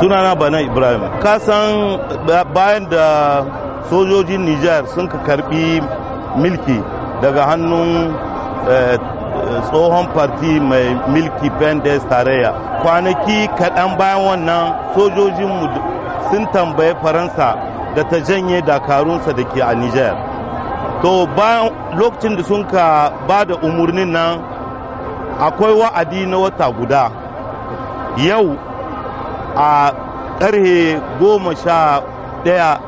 sunana bana ibrahim kasan bayan da sojojin niger sun ka karbi milki daga hannun eh, tsohon farti mai milki pendes tarayya kwanaki kaɗan bayan wannan sojojinmu sun tambaye faransa da ta janye dakarunsa da ke a niger to bayan lokacin da sun ka ba da umarnin nan akwai wa'adi na wata guda yau a karhe goma sha daya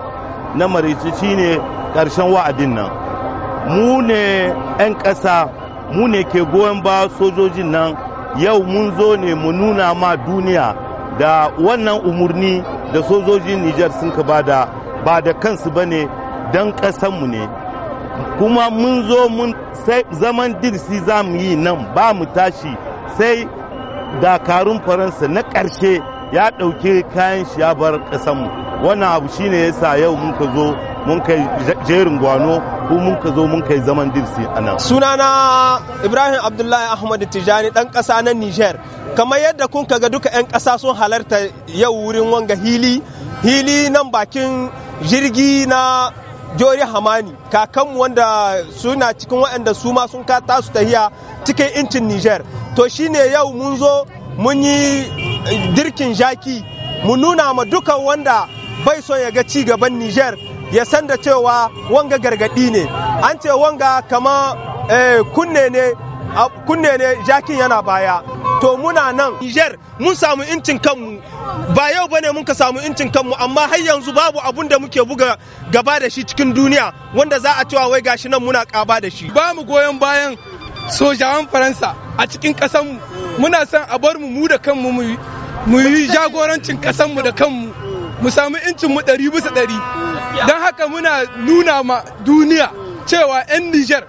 na marici shine karshen wa'adin nan mu ne 'yan ƙasa mu ne ke goyon ba sojojin nan yau mun zo ne mu nuna ma duniya da wannan umarni da sojojin nijar sun ka bada ba da kansu ba ne don ƙasanmu ne kuma mun zo mun zaman dirsi za mu yi nan ba mu tashi sai dakarun faransa na ƙarshe ya ɗauke kayan shi ya bar mu wannan abu shine yasa yau mun ka zo mun kai jerin gwano ko mun ka zo mun kai zaman dirsi a nan sunana ibrahim abdullahi ahmad tijani ɗan ƙasa na niger kamar yadda kun ga duka 'yan ƙasa sun halarta yau wurin wanga hili hili nan bakin jirgi na jori hamani kakanmu wanda suna cikin waɗanda su ma sun kata su tahiya cikin incin niger to shine yau mun zo mun yi dirkin jaki mu nuna ma duka wanda bai son ya ga ci gaban Niger ya san da cewa wanga gargadi ne an ce wanga kama eh, kunne ne kunne ne jakin yana baya to muna nan Niger mun samu incin kanmu ba yau ba ne muka samu incin kanmu amma har yanzu babu abun da muke buga gaba da shi cikin duniya wanda za a cewa wai gashi nan muna kaba da shi ba mu goyon bayan sojawan faransa a cikin ƙasanmu muna son a bar mu mu da kanmu mu mu yi jagorancin kasanmu da kanmu mu samu incin mu ɗari bisa ɗari don haka muna nuna ma duniya cewa 'yan Nijar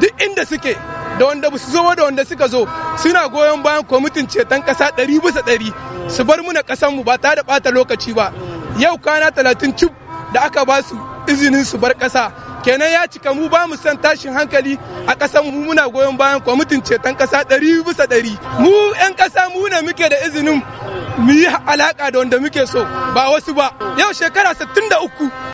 duk inda suke da wanda su zo da wanda suka zo suna goyon bayan kwamitin ceton ƙasa ɗari bisa ɗari su bar muna kasanmu ba tare da ɓata lokaci ba yau kwana talatin cip da aka ba su izinin su bar ƙasa kenan ya cika mu ba mu san tashin hankali a kasan mu muna goyon bayan kwamitin ceton ƙasa ɗari bisa ɗari mu 'yan kasa mu ne muke da izinin mu yi alaƙa da wanda muke so ba wasu ba yau shekara 63